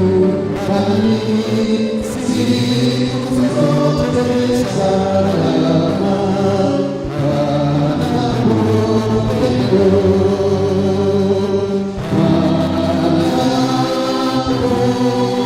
하나님 슬퍼서 내 사랑아 바라보내고 바라보내고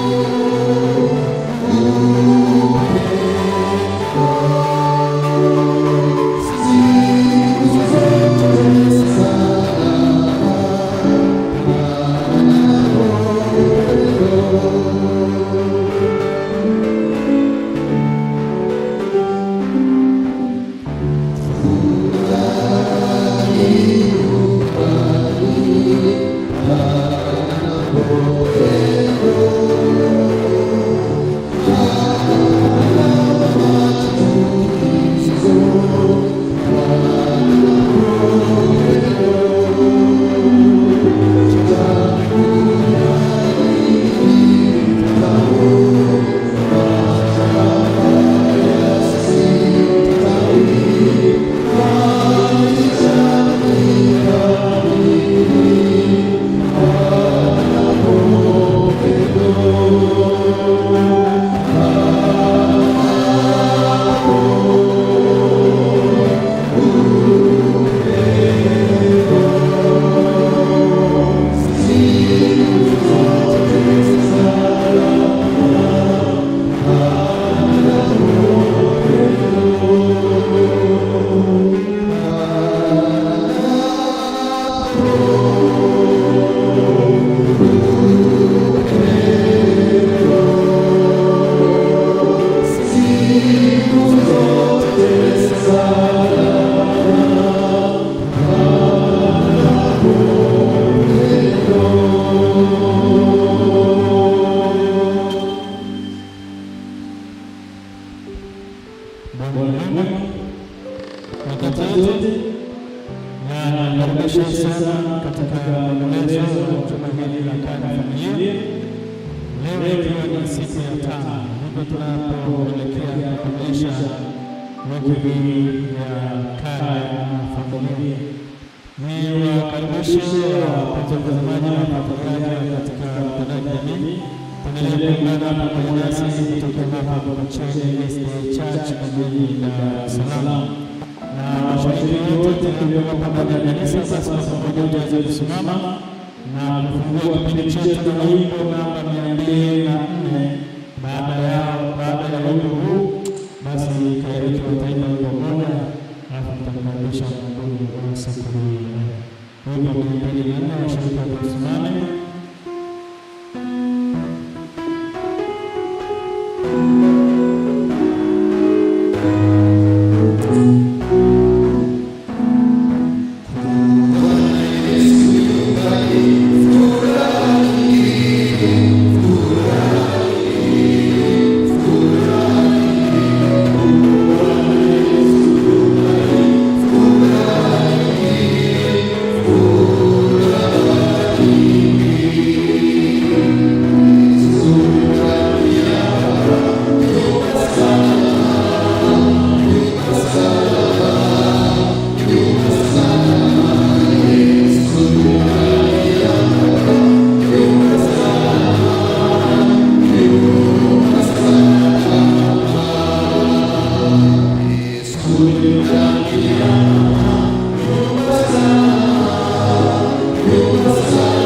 siku ya tano hapa tunapoelekea kuonyesha wiki hii ya kaya na familia. Ni wakaribishe wapenzi watazamaji na wafuatiliaji katika mtandao wa kijamii, tunaendelea kuungana pamoja nasi kutoka hapa Mkocheni Gospel Church jijini Dar es Salaam na washiriki wote tulioko pamoja na kanisa, Sasa kwa pamoja tuweze kusimama na kufungua kipindi chetu na wimbo namba 구속이야 구속사 구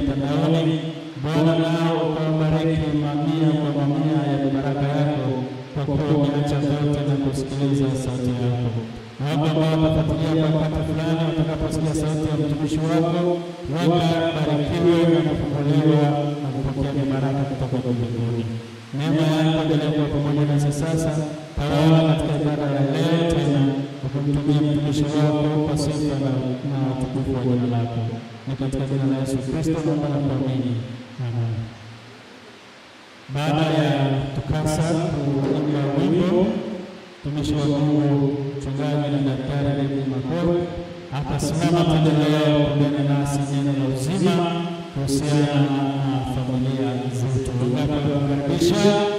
mitandaoni. Bwana ukawabariki mamia kwa mamia ya baraka yako, kwa kuwa wameacha zote na kusikiliza sauti yako. Wako ambao watafuatilia wakati fulani, watakaposikia sauti ya mtumishi wako, wakabarikiwe na kufunguliwa na kupokea mibaraka kutoka kwa mbinguni. Neema yako endelea pamoja nasi sasa. Tawala katika ibada ya leo tena, ukamtumia mtumishi wako kwa sifa na utukufu wa jina lako ni katika jina la Yesu Kristo naomba na kuamini. Amen. Baada ya tukasa kuimba wimbo mtumishi wa Mungu mchungaji na daktari David Makori atasimama leo kumbene nasi neno la uzima kuhusiana na familia zetu. Tunataka kukaribisha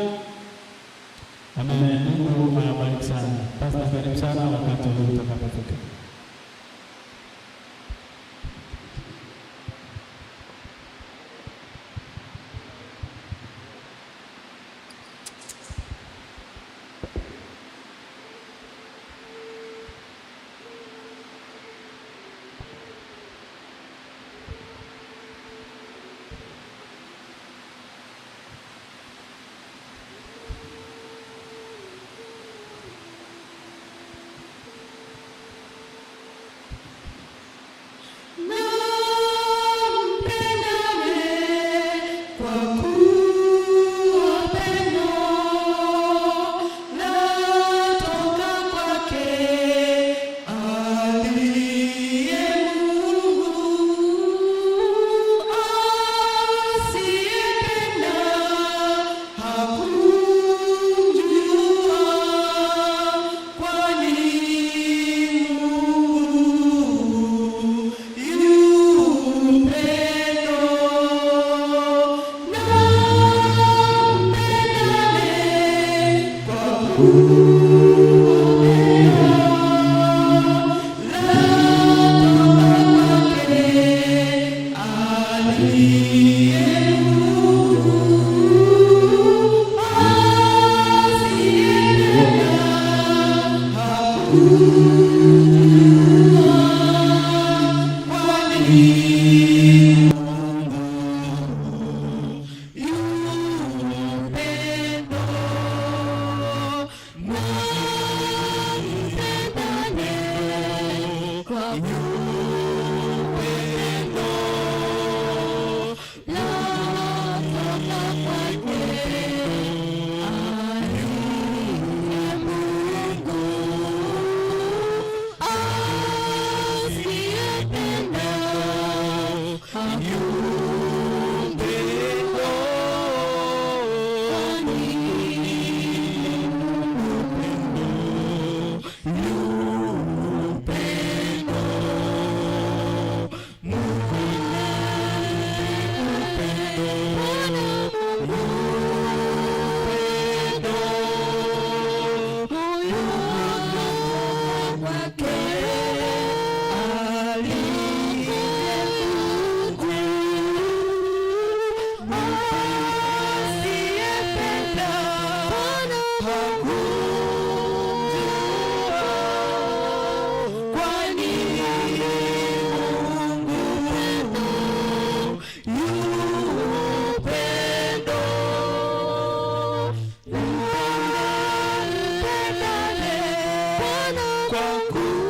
Cool.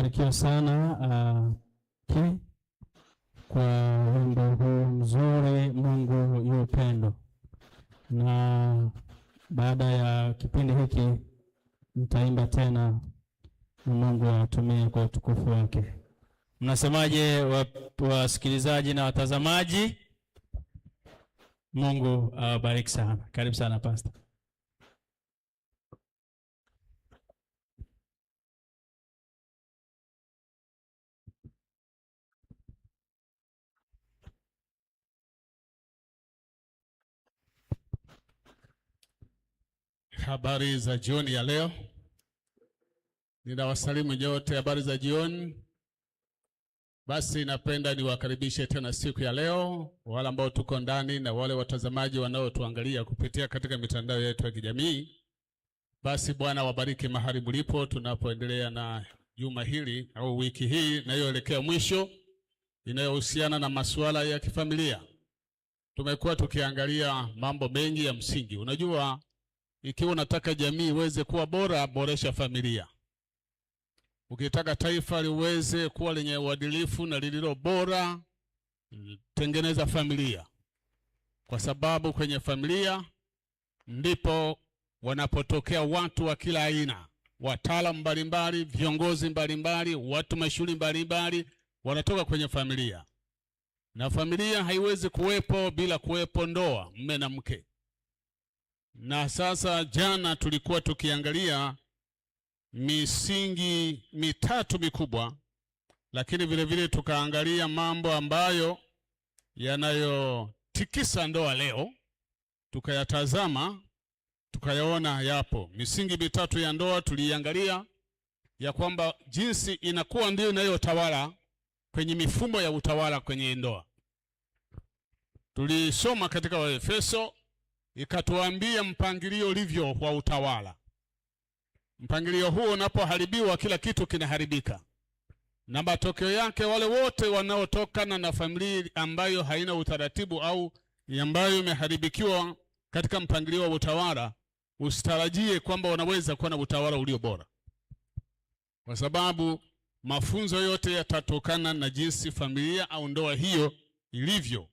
Tumebarikiwa sana uh, kwa wimbo huu mzuri Mungu yu upendo, na baada ya kipindi hiki mtaimba tena na Mungu atumie kwa utukufu wake. Mnasemaje wasikilizaji na watazamaji? Mungu awabariki uh, sana. Karibu sana Pastor. Habari za jioni ya leo, ninawasalimu nyote, habari za jioni. Basi napenda niwakaribishe tena siku ya leo, wale ambao tuko ndani na wale watazamaji wanaotuangalia kupitia katika mitandao yetu ya kijamii. Basi Bwana wabariki mahali mlipo, tunapoendelea na juma hili au wiki hii inayoelekea mwisho inayohusiana na masuala ya kifamilia. Tumekuwa tukiangalia mambo mengi ya msingi. Unajua ikiwa unataka jamii iweze kuwa bora, boresha familia. Ukitaka taifa liweze kuwa lenye uadilifu na lililo bora, tengeneza familia, kwa sababu kwenye familia ndipo wanapotokea watu wa kila aina, wataalamu mbalimbali, viongozi mbalimbali, watu mashughuli mbalimbali, wanatoka kwenye familia, na familia haiwezi kuwepo bila kuwepo ndoa, mme na mke. Na sasa, jana tulikuwa tukiangalia misingi mitatu mikubwa, lakini vile vile tukaangalia mambo ambayo yanayotikisa ndoa leo, tukayatazama tukayaona yapo. Misingi mitatu ya ndoa Tuliangalia ya kwamba jinsi inakuwa ndiyo inayotawala kwenye mifumo ya utawala kwenye ndoa. Tulisoma katika Waefeso ikatuambia mpangilio ulivyo wa utawala. Mpangilio huo unapoharibiwa, kila kitu kinaharibika, na matokeo yake wale wote wanaotokana na familia ambayo haina utaratibu au ambayo imeharibikiwa katika mpangilio wa utawala, usitarajie kwamba wanaweza kuwa na utawala ulio bora, kwa sababu mafunzo yote yatatokana na jinsi familia au ndoa hiyo ilivyo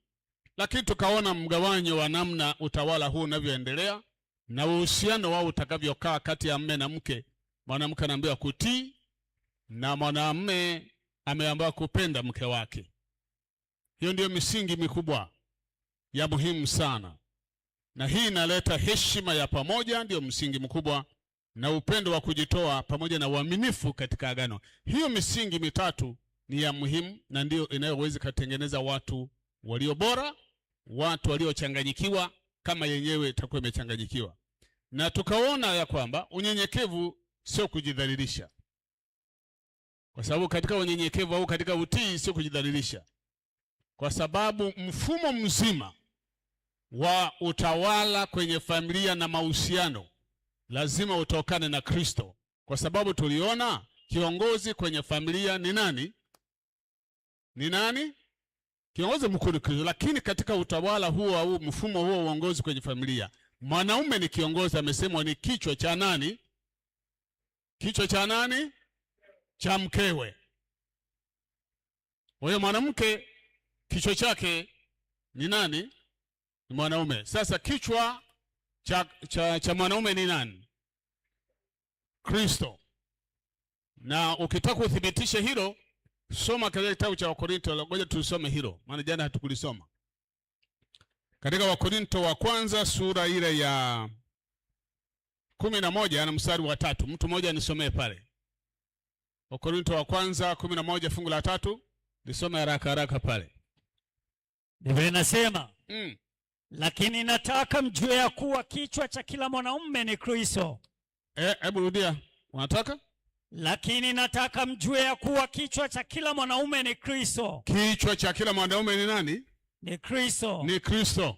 lakini tukaona mgawanyo wa namna utawala huu unavyoendelea na uhusiano wao utakavyokaa kati ya mme na mke. Mwanamke anaambiwa kutii na mwanamme ameambiwa kupenda mke wake. Hiyo ndiyo misingi mikubwa ya muhimu sana, na hii inaleta heshima ya pamoja, ndiyo msingi mkubwa, na upendo wa kujitoa pamoja na uaminifu katika agano. Hiyo misingi mitatu ni ya muhimu na ndiyo inayoweza kutengeneza watu walio bora watu waliochanganyikiwa kama yenyewe itakuwa imechanganyikiwa, na tukaona ya kwamba unyenyekevu sio kujidhalilisha, kwa sababu katika unyenyekevu au katika utii sio kujidhalilisha, kwa sababu mfumo mzima wa utawala kwenye familia na mahusiano lazima utokane na Kristo, kwa sababu tuliona kiongozi kwenye familia ni nani? Ni nani? kiongozi mkuu ni Kristo, lakini katika utawala huo au mfumo huo uongozi kwenye familia, mwanaume ni kiongozi, amesemwa ni kichwa cha nani? Kichwa cha nani? Cha mkewe. Kwa hiyo mwanamke kichwa chake ni nani? Ni mwanaume. Sasa kichwa cha, cha, cha mwanaume ni nani? Kristo. Na ukitaka uthibitishe hilo Soma katika kitabu cha Wakorinto, ngoja tusome hilo, maana jana hatukulisoma. Katika Wakorinto wa kwanza sura ile ya kumi na moja na mstari wa tatu. Mtu mmoja anisomee pale Wakorinto wa kwanza kumi na moja fungu la tatu, lisome haraka haraka pale. Biblia inasema mm, lakini nataka mjue ya kuwa kichwa cha kila mwanaume ni Kristo. Eh, hebu rudia, unataka lakini nataka mjue ya kuwa kichwa cha kila mwanaume ni Kristo. Kichwa cha kila mwanaume ni nani? Ni Kristo. Ni Kristo.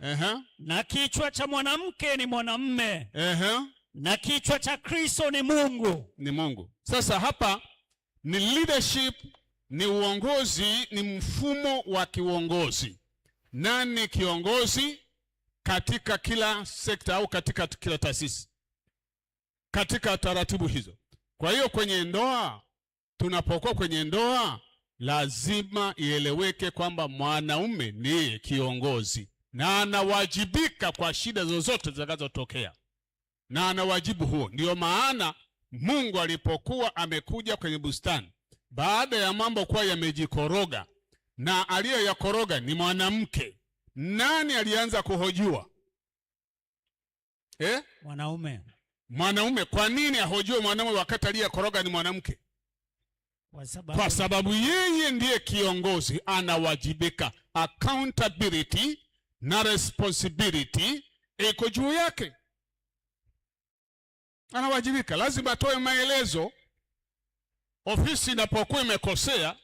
Uh-huh. Na kichwa cha mwanamke ni mwanamume. Uh-huh. Na kichwa cha Kristo ni Mungu. Ni Mungu. Sasa hapa ni leadership, ni uongozi, ni mfumo wa kiuongozi. Nani kiongozi katika kila sekta au katika kila taasisi? Katika taratibu hizo. Kwa hiyo kwenye ndoa, tunapokuwa kwenye ndoa, lazima ieleweke kwamba mwanaume ndiye kiongozi na anawajibika kwa shida zozote zitakazotokea, na anawajibu huo. Ndiyo maana Mungu alipokuwa amekuja kwenye bustani, baada ya mambo kuwa yamejikoroga, na aliyoyakoroga ni mwanamke, nani alianza kuhojiwa eh? Mwanaume. Mwanaume kwa nini ahojiwe mwanaume wakati aliyekoroga ni mwanamke? Kwa sababu, kwa sababu yeye ndiye kiongozi, anawajibika. Accountability na responsibility iko juu yake, anawajibika, lazima atoe maelezo. Ofisi inapokuwa imekosea,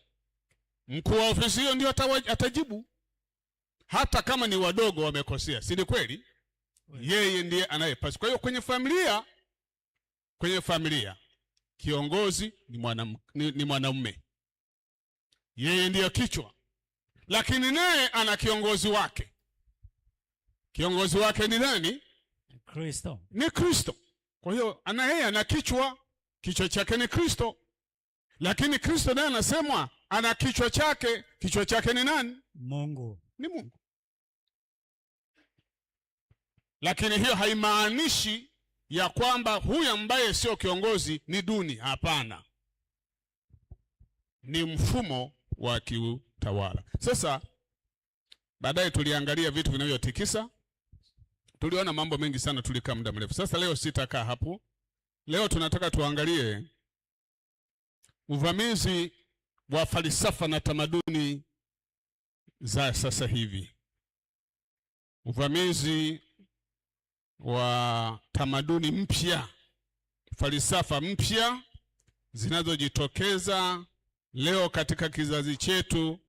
mkuu wa ofisi hiyo ndio atajibu, hata kama ni wadogo wamekosea, si ni kweli? Yeye ndiye anayepasi Kwa hiyo kwenye familia Kwenye familia kiongozi ni mwanaume, ni, ni mwanaume, yeye ndiyo kichwa, lakini naye ana kiongozi wake. Kiongozi wake ni nani? Kristo, ni Kristo. Kwa hiyo ana yeye ana kichwa, kichwa chake ni Kristo, lakini Kristo naye anasemwa ana kichwa chake. Kichwa chake ni nani? Mungu, ni Mungu. Lakini hiyo haimaanishi ya kwamba huyu ambaye sio kiongozi ni duni. Hapana, ni mfumo wa kiutawala. Sasa baadaye tuliangalia vitu vinavyotikisa, tuliona mambo mengi sana, tulikaa muda mrefu. Sasa leo sitakaa hapo. Leo tunataka tuangalie uvamizi wa falsafa na tamaduni za sasa hivi, uvamizi wa tamaduni mpya, falsafa mpya zinazojitokeza leo katika kizazi chetu